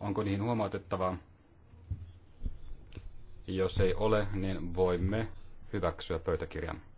Onko niihin huomautettavaa? Jos ei ole, niin voimme hyväksyä pöytäkirjan.